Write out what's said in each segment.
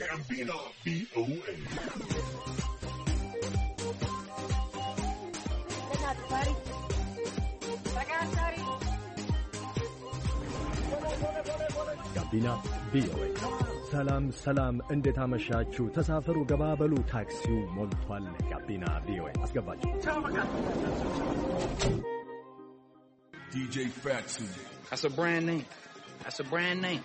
ጋቢና ቪኦኤ ጋቢና ቪኦኤ። ሰላም ሰላም፣ እንዴት አመሻችሁ? ተሳፈሩ፣ ገባበሉ፣ ታክሲው ሞልቷል። ጋቢና ቪኦኤ አስገባችሁ። DJ Fatsu. That's a brand name. That's a brand name.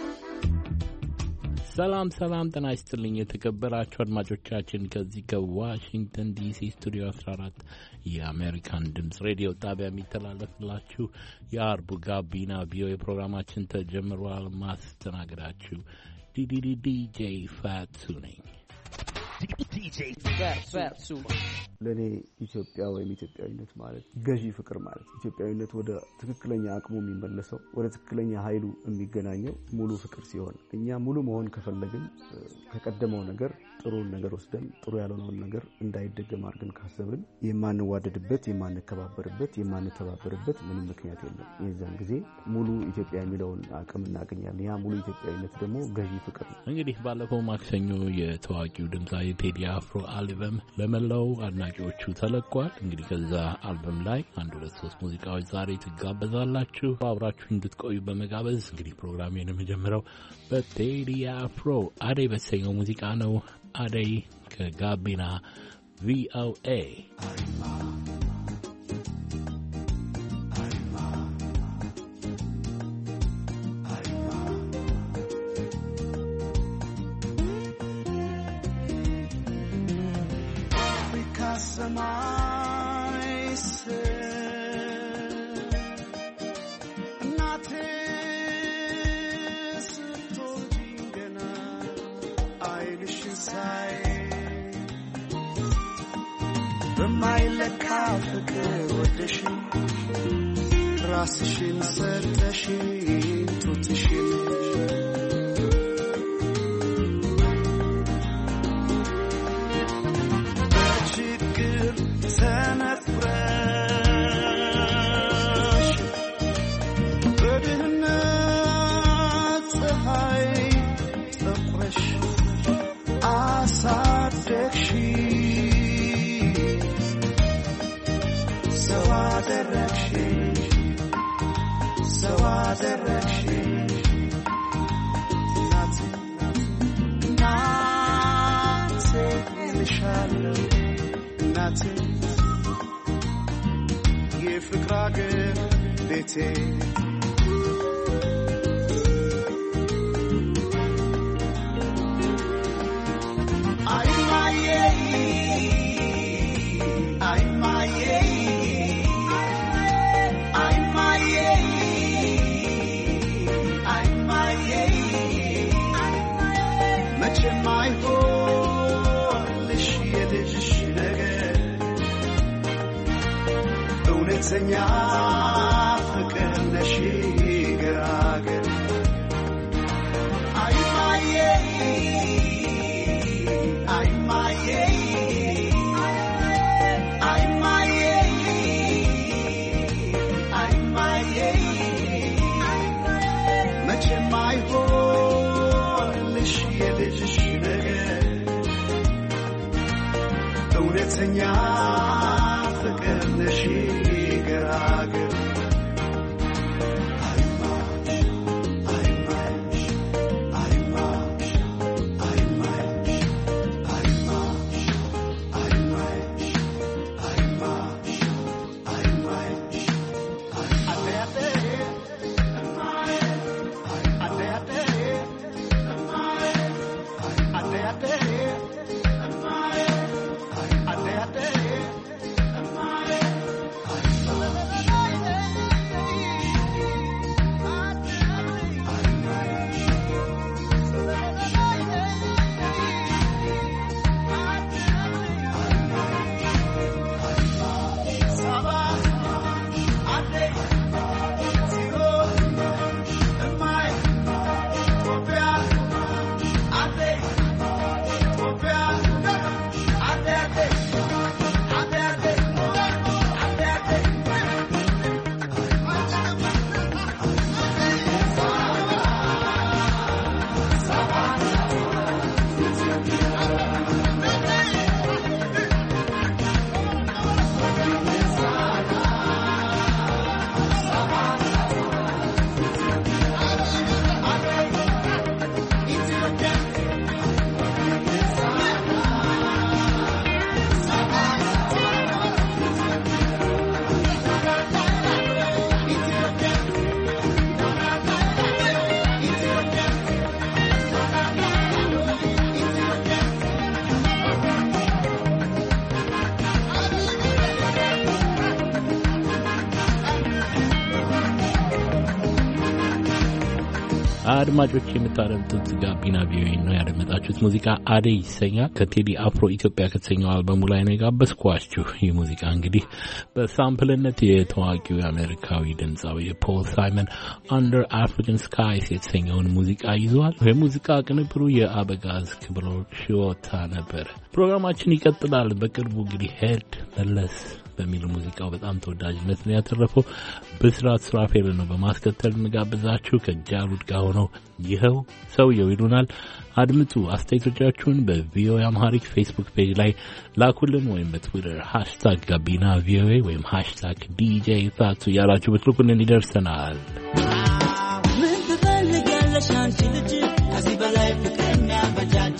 ሰላም ሰላም፣ ጤና ይስጥልኝ የተከበራችሁ አድማጮቻችን ከዚህ ከዋሽንግተን ዲሲ ስቱዲዮ 14 የአሜሪካን ድምፅ ሬዲዮ ጣቢያ የሚተላለፍላችሁ የአርቡ ጋቢና ቪኦኤ ፕሮግራማችን ተጀምሯል። ማስተናገዳችሁ ዲዲዲ ዲጄ ፋቱ ነኝ። ለእኔ ኢትዮጵያ ወይም ኢትዮጵያዊነት ማለት ገዢ ፍቅር ማለት ኢትዮጵያዊነት ወደ ትክክለኛ አቅሙ የሚመለሰው ወደ ትክክለኛ ኃይሉ የሚገናኘው ሙሉ ፍቅር ሲሆን እኛ ሙሉ መሆን ከፈለግን ከቀደመው ነገር ጥሩን ነገር ወስደን ጥሩ ያልሆነውን ነገር እንዳይደገም አድርገን ካሰብን የማንዋደድበት፣ የማንከባበርበት፣ የማንተባበርበት ምንም ምክንያት የለም። የዛን ጊዜ ሙሉ ኢትዮጵያ የሚለውን አቅም እናገኛለን። ያ ሙሉ ኢትዮጵያዊነት ደግሞ ገዢ ፍቅር ነው። እንግዲህ ባለፈው ማክሰኞ የታዋቂው ድምፃዊ ቴዲ የአፍሮ አልበም ለመላው አድናቂዎቹ ተለቋል። እንግዲህ ከዛ አልበም ላይ አንድ ሁለት ሶስት ሙዚቃዎች ዛሬ ትጋበዛላችሁ። አብራችሁ እንድትቆዩ በመጋበዝ እንግዲህ ፕሮግራሜን የምጀምረው በቴዲ አፍሮ አደይ በተሰኘው ሙዚቃ ነው። አደይ ከጋቢና ቪኦኤ resurrection. Nothing, nothing shadow, nothing. If እንግሊዝኛ ፍቅር ነሽ አድማጮች የምታደምጡት ጋቢና ቪኦኤ ነው። ያደመጣችሁት ሙዚቃ አደይ ይሰኛል። ከቴዲ አፍሮ ኢትዮጵያ ከተሰኘው አልበሙ ላይ ነው የጋበዝኳችሁ። ይህ ሙዚቃ እንግዲህ በሳምፕልነት የታዋቂው የአሜሪካዊ ድምፃዊ ፖል ሳይመን አንደር አፍሪካን ስካይስ የተሰኘውን ሙዚቃ ይዟል። የሙዚቃ ቅንብሩ የአበጋዝ ክብሮ ሽወታ ነበር። ፕሮግራማችን ይቀጥላል። በቅርቡ እንግዲህ ሄድ መለስ በሚል ሙዚቃው በጣም ተወዳጅነት ነው ያተረፈው ብስራት ስራፌል ነው። በማስከተል እንጋብዛችሁ ከጃሉድ ጋር ሆነው ይኸው ሰውየው ይሉናል። አድምጡ። አስተያየቶቻችሁን በቪኦኤ አምሃሪክ ፌስቡክ ፔጅ ላይ ላኩልን ወይም በትዊተር ሃሽታግ ጋቢና ቪኦኤ ወይም ሃሽታግ ዲጄ ፋቱ እያላችሁ ብትልኩልን ይደርሰናል። ምን ትፈልጊያለሽ አንቺ ልጅ ከዚህ በላይ ፍቅር የሚያበጃጅ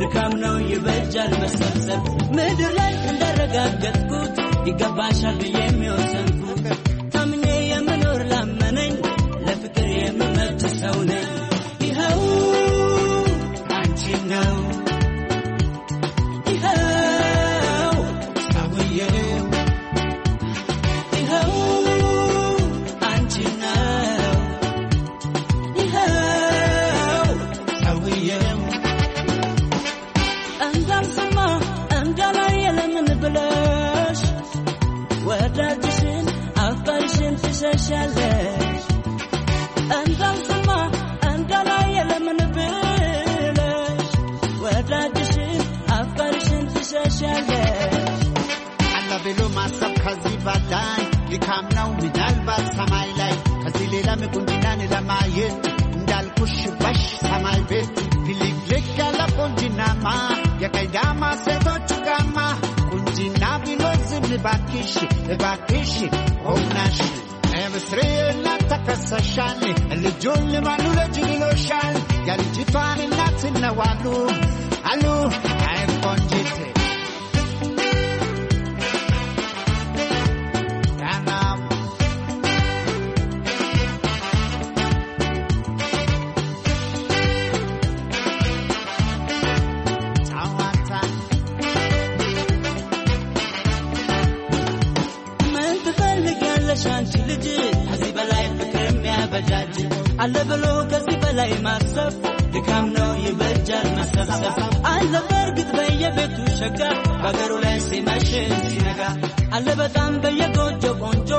ድካም ነው ይበጃል መሰብሰብ ምድር ላይ እንደረጋገጥኩት ይገባሻል ብዬ nibakishe nibakishe ሆናሽ ምስሬ እናት ተከሰሻል ልጁን ልባሉ ልጅ ይሎሻል የልጅቷን እናት ነዋሉ አሉ አይቆንጅት አለ ብሎ ከዚህ በላይ ማሰብ ድካም ነው፣ ይበጃል መሰብሰብ አለ በእርግጥ በየቤቱ ሸጋ በአገሩ ላይ ሲመሽን ሲነጋ አለ በጣም በየጎጆ ቆንጆ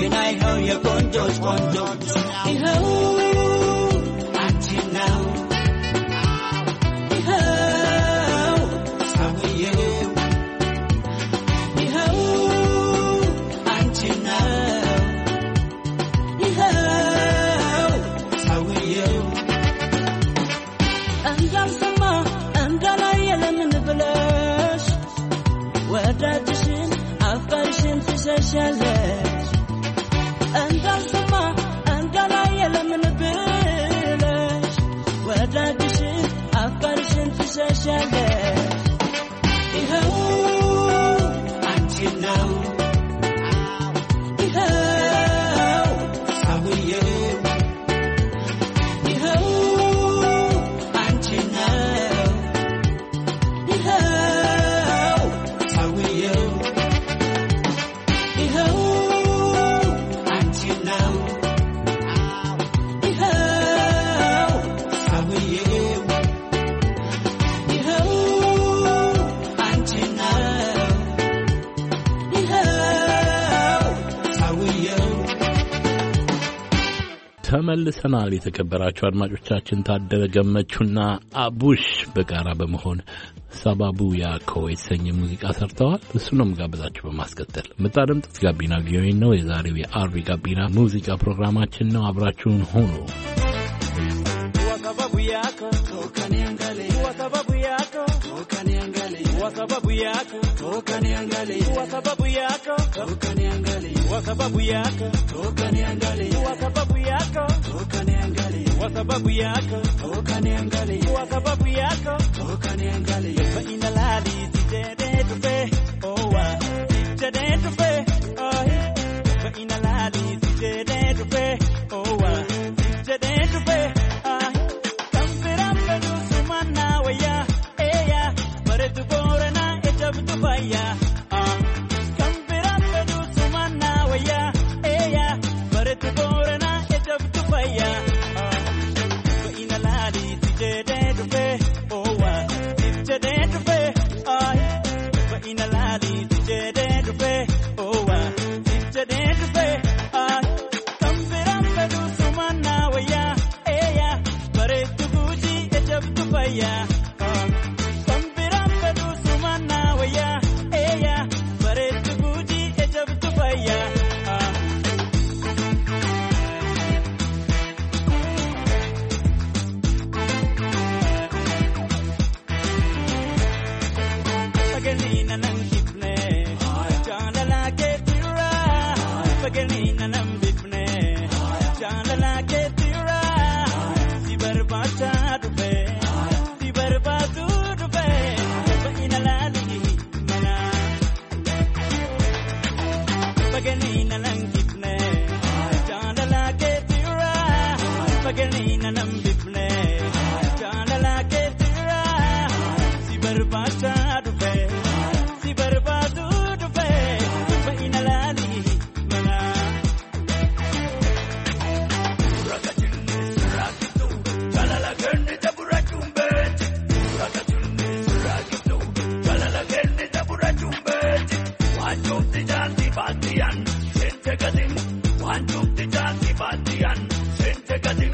ግና ይኸው የቆንጆች ቆንጆ ይኸው ተመልሰናል። የተከበራችሁ አድማጮቻችን ታደረ ገመቹና አቡሽ በጋራ በመሆን ሰባቡ ያኮ የተሰኘ ሙዚቃ ሰርተዋል። እሱ ነው ምጋብዛችሁ። በማስከተል የምታደምጡት ጋቢና ቪኦኤ ነው። የዛሬው የአርቢ ጋቢና ሙዚቃ ፕሮግራማችን ነው። አብራችሁን ሆኑ። kwa sababu yako, toka niangalie, kwa sababu yako, toka niangalie, kwa sababu yako, toka niangalie, kwa sababu yako, toka niangalie Waan tuuti taasifaa jiran seente gadi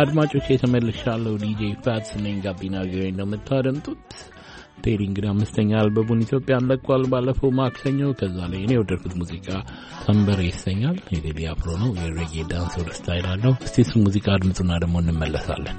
አድማጮች የተመልሻለው ዲጄ ፋትስ ነኝ። ጋቢና ነው እንደምታደምጡት ቴሪ እንግዲህ አምስተኛ አልበቡን ኢትዮጵያን ለቋል ባለፈው ማክሰኞ። ከዛ ላይ እኔ የወደድኩት ሙዚቃ ሰንበር ይሰኛል። የቴዲ አፍሮ ነው። የሬጌ ዳንስ ስታይል አለው። እስቲ እሱ ሙዚቃ አድምጡና ደግሞ እንመለሳለን።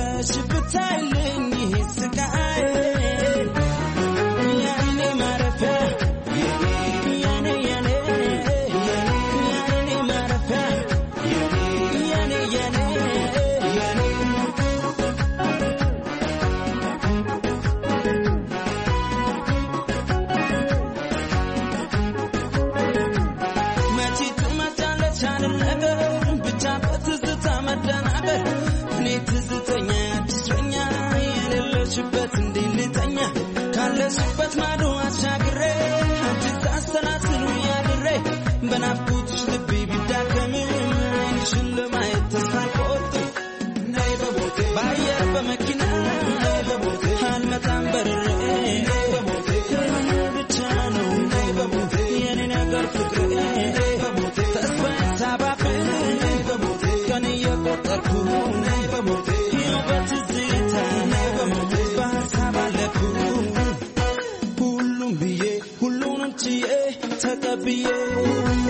还是不太冷。Naaf maaduu achaagarree, antisaas be it.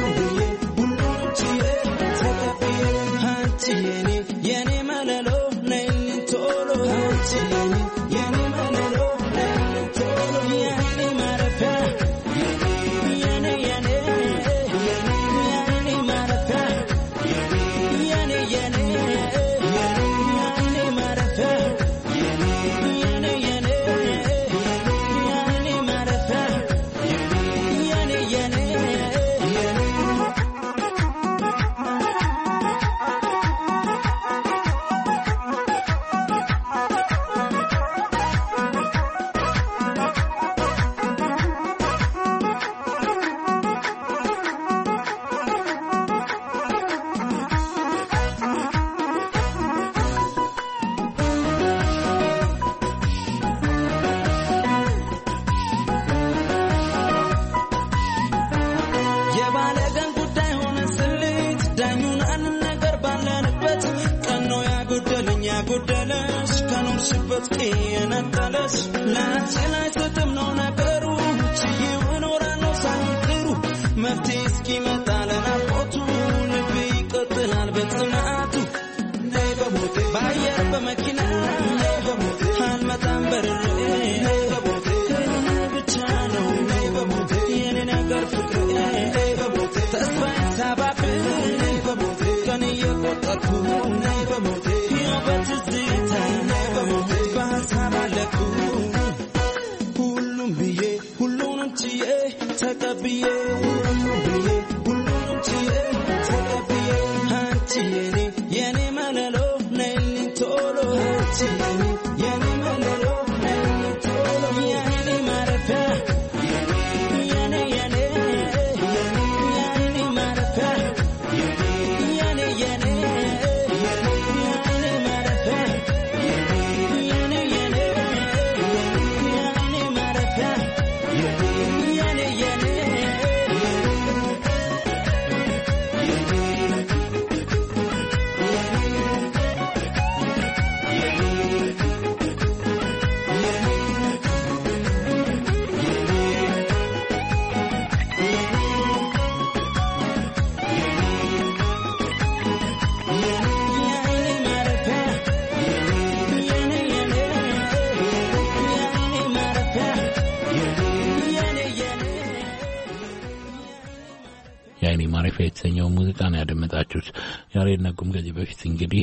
ዛሬ ነቁም ከዚህ በፊት እንግዲህ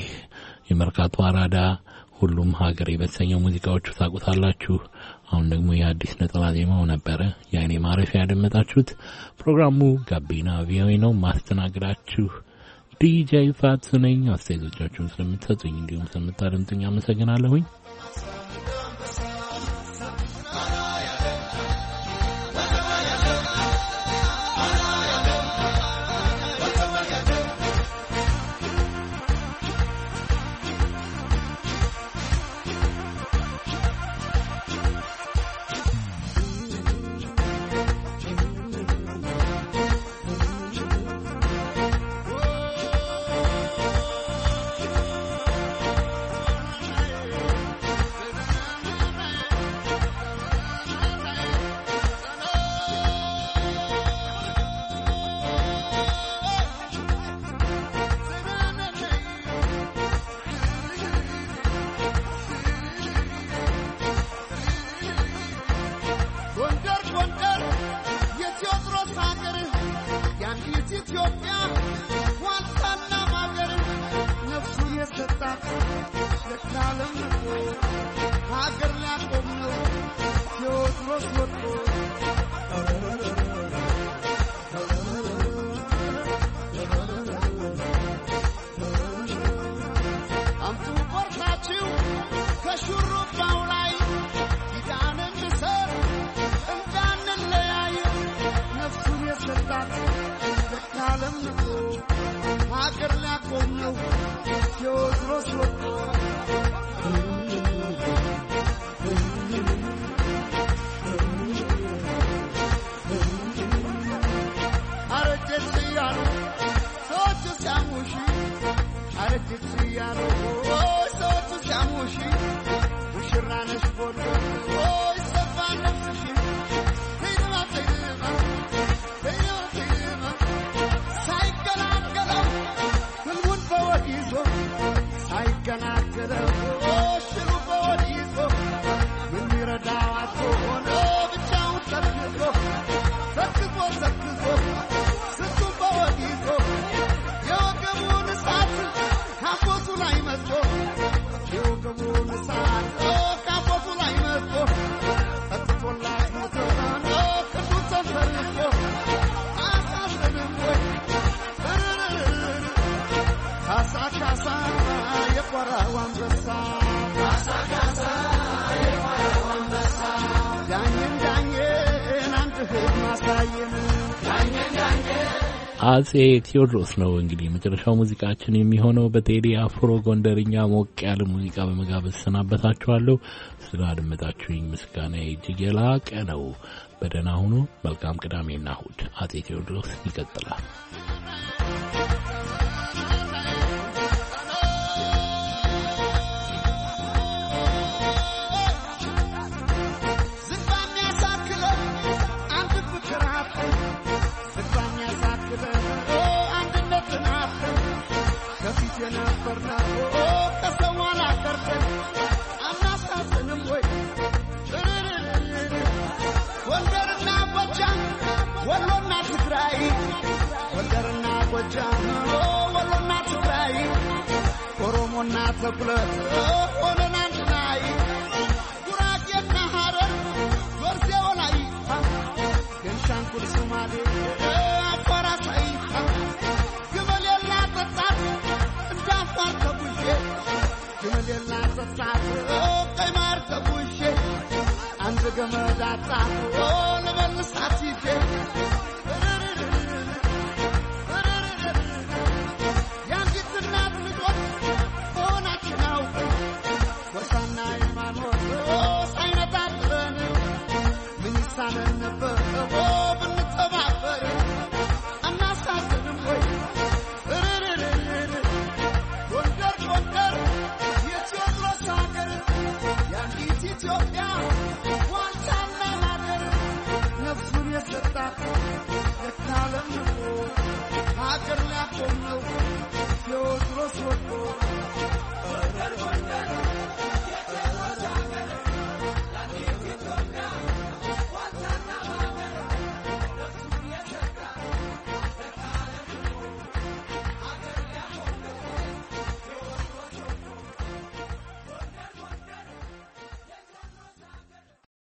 የመርካቶ አራዳ ሁሉም ሀገር በተሰኘው ሙዚቃዎቹ ታውቁታላችሁ። አሁን ደግሞ የአዲስ ነጠላ ዜማው ነበረ የአይኔ ማረፊያ ያደመጣችሁት። ፕሮግራሙ ጋቢና ቪኦኤ ነው። ማስተናግዳችሁ ዲጄ ፋቱ ነኝ። አስተያየቶቻችሁን ስለምትሰጡኝ እንዲሁም ስለምታደምጡኝ አመሰግናለሁኝ። look for ያ አጼ ቴዎድሮስ ነው እንግዲህ መጨረሻው ሙዚቃችን የሚሆነው። በቴዲ አፍሮ ጎንደርኛ ሞቅ ያለ ሙዚቃ በመጋበዝ ሰናበታችኋለሁ። ስላደመጣችሁኝ ምስጋና እጅግ የላቀ ነው። በደህና ሁኑ። መልካም ቅዳሜና እሁድ። አጼ ቴዎድሮስ ይቀጥላል።